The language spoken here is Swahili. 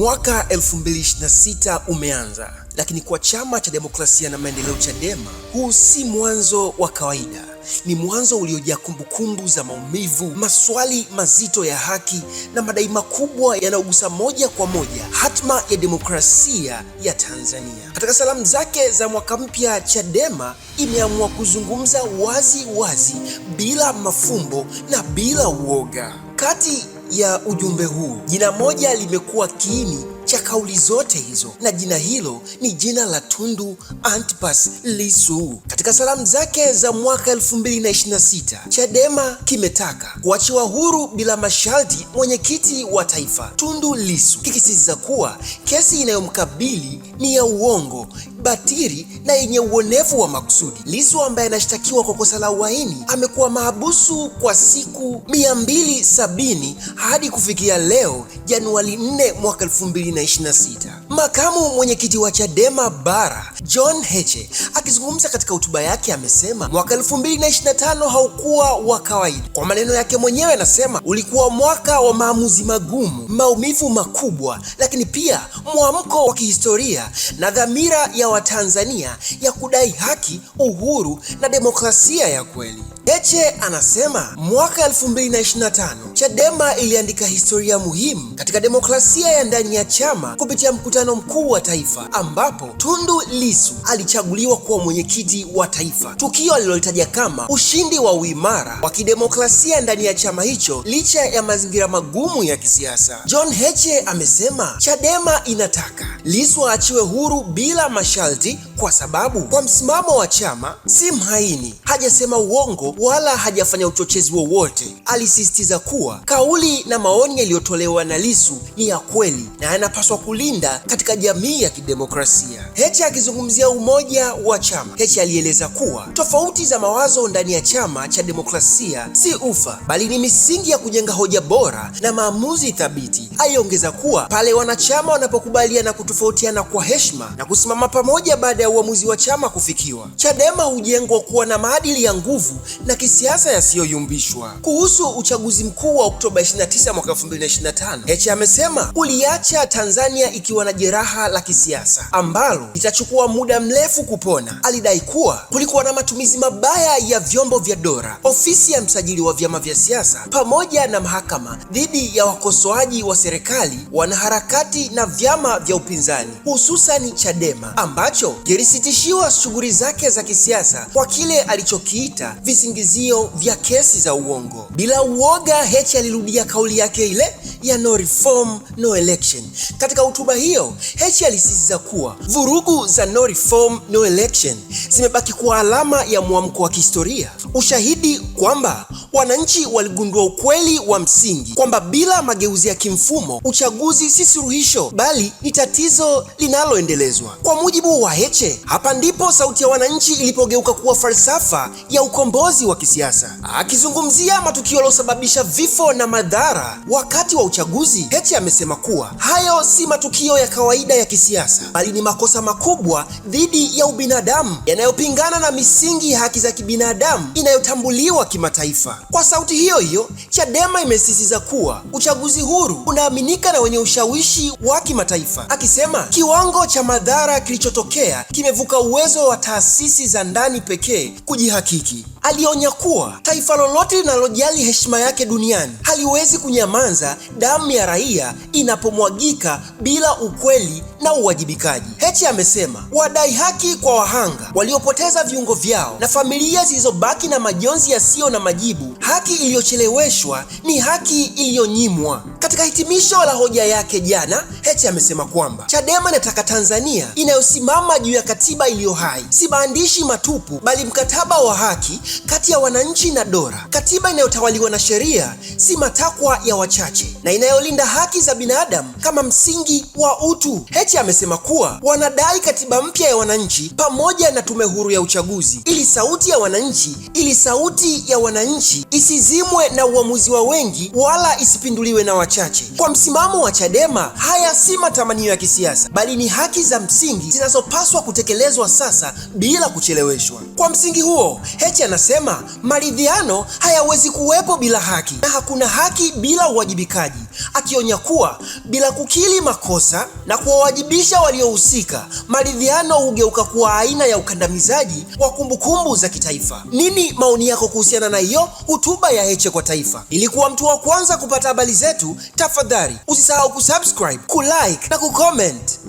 Mwaka 2026 umeanza, lakini kwa Chama cha Demokrasia na Maendeleo, Chadema, huu si mwanzo wa kawaida. Ni mwanzo uliojaa kumbukumbu za maumivu, maswali mazito ya haki na madai makubwa yanayogusa moja kwa moja hatma ya demokrasia ya Tanzania. Katika salamu zake za mwaka mpya, Chadema imeamua kuzungumza wazi wazi, bila mafumbo na bila uoga kati ya ujumbe huu. Jina moja limekuwa kiini cha kauli zote hizo na jina hilo ni jina la Tundu Antipas Lissu. Katika salamu zake za mwaka 2026, Chadema kimetaka kuachiwa huru bila masharti mwenyekiti wa taifa Tundu Lissu, kikisisitiza kuwa kesi inayomkabili ni ya uongo batiri na yenye uonevu wa makusudi. Lissu ambaye anashtakiwa kwa kosa la uhaini amekuwa mahabusu kwa siku 270 hadi kufikia leo Januari 4 mwaka 2026. Makamu mwenyekiti wa Chadema Bara John Heche akizungumza katika hotuba yake amesema mwaka 2025 haukuwa wa kawaida. Kwa maneno yake mwenyewe anasema ulikuwa mwaka wa maamuzi magumu, maumivu makubwa, lakini pia mwamko wa kihistoria na dhamira ya Watanzania ya kudai haki, uhuru na demokrasia ya kweli. Heche anasema mwaka 2025 Chadema iliandika historia muhimu katika demokrasia ya ndani ya chama kupitia mkutano mkutano mkuu wa taifa ambapo Tundu Lissu alichaguliwa kuwa mwenyekiti wa taifa, tukio alilolitaja kama ushindi wa uimara wa kidemokrasia ndani ya chama hicho licha ya mazingira magumu ya kisiasa. John Heche amesema Chadema inataka Lissu aachiwe huru bila masharti kwa sababu kwa msimamo wa chama si mhaini, hajasema uongo wala hajafanya uchochezi wowote. Alisisitiza kuwa kauli na maoni yaliyotolewa na Lissu ni ya kweli na yanapaswa kulinda katika jamii ya kidemokrasia. Heche akizungumzia umoja wa chama, Heche alieleza kuwa tofauti za mawazo ndani ya chama cha demokrasia si ufa, bali ni misingi ya kujenga hoja bora na maamuzi thabiti. Aliongeza kuwa pale wanachama wanapokubaliana kutofautiana kwa heshima na kusimama pamoja baada ya uamuzi wa chama kufikiwa, Chadema hujengwa kuwa na maadili ya nguvu na kisiasa yasiyoyumbishwa. Kuhusu uchaguzi mkuu wa Oktoba 29 mwaka 2025, Heche amesema uliacha Tanzania ikiwa na jeraha la kisiasa ambalo litachukua muda mrefu kupona. Alidai kuwa kulikuwa na matumizi mabaya ya vyombo vya dola, ofisi ya msajili wa vyama vya siasa, pamoja na mahakama dhidi ya wakosoaji wa serikali, wanaharakati na vyama vya upinzani, hususani Chadema ambacho kilisitishiwa shughuli zake za kisiasa kwa kile alichokiita visingizio vya kesi za uongo. Bila uoga, Heche alirudia kauli yake ile ya no reform no election. Katika hotuba hiyo leo, Heche alisisitiza kuwa vurugu za no reform no election zimebaki kuwa alama ya mwamko wa kihistoria, ushahidi kwamba wananchi waligundua ukweli wa msingi kwamba bila mageuzi ya kimfumo, uchaguzi si suluhisho, bali ni tatizo linaloendelezwa. Kwa mujibu wa Heche, hapa ndipo sauti ya wananchi ilipogeuka kuwa falsafa ya ukombozi wa kisiasa. Akizungumzia matukio yaliyosababisha vifo na madhara wakati wa uchaguzi, Heche amesema kuwa hayo si matukio ya kawaida ya kisiasa, bali ni makosa makubwa dhidi ya ubinadamu yanayopingana na misingi ya haki za kibinadamu inayotambuliwa kimataifa. Kwa sauti hiyo hiyo, Chadema imesisitiza kuwa uchaguzi huru unaaminika na wenye ushawishi wa kimataifa, akisema kiwango cha madhara kilichotokea kimevuka uwezo wa taasisi za ndani pekee kujihakiki. Alionya kuwa taifa lolote linalojali heshima yake duniani haliwezi kunyamaza damu ya raia inapomwagika bila ukweli na uwajibikaji. Heche amesema wadai haki kwa wahanga waliopoteza viungo vyao na familia zilizobaki na majonzi yasiyo na majibu haki iliyocheleweshwa ni haki iliyonyimwa. Katika hitimisho la hoja yake jana, Heche amesema kwamba Chadema inataka Tanzania inayosimama juu ya katiba iliyo hai, si maandishi matupu, bali mkataba wa haki kati ya wananchi na dola, katiba inayotawaliwa na sheria, si matakwa ya wachache, na inayolinda haki za binadamu kama msingi wa utu. Heche amesema kuwa wanadai katiba mpya ya wananchi pamoja na tume huru ya uchaguzi, ili sauti ya wananchi, ili sauti ya wananchi isizimwe na uamuzi wa wengi wala isipinduliwe na wachache. Kwa msimamo wa Chadema, haya si matamanio ya kisiasa, bali ni haki za msingi zinazopaswa kutekelezwa sasa bila kucheleweshwa. Kwa msingi huo, Heche anasema maridhiano hayawezi kuwepo bila haki na hakuna haki bila uwajibikaji, akionya kuwa bila kukiri makosa na kuwawajibisha waliohusika, maridhiano hugeuka kuwa aina ya ukandamizaji wa kumbukumbu za kitaifa. Nini maoni yako kuhusiana na hiyo? hotuba ya Heche kwa taifa. Ili kuwa mtu wa kwanza kupata habari zetu, tafadhali usisahau kusubscribe, kulike na kucomment.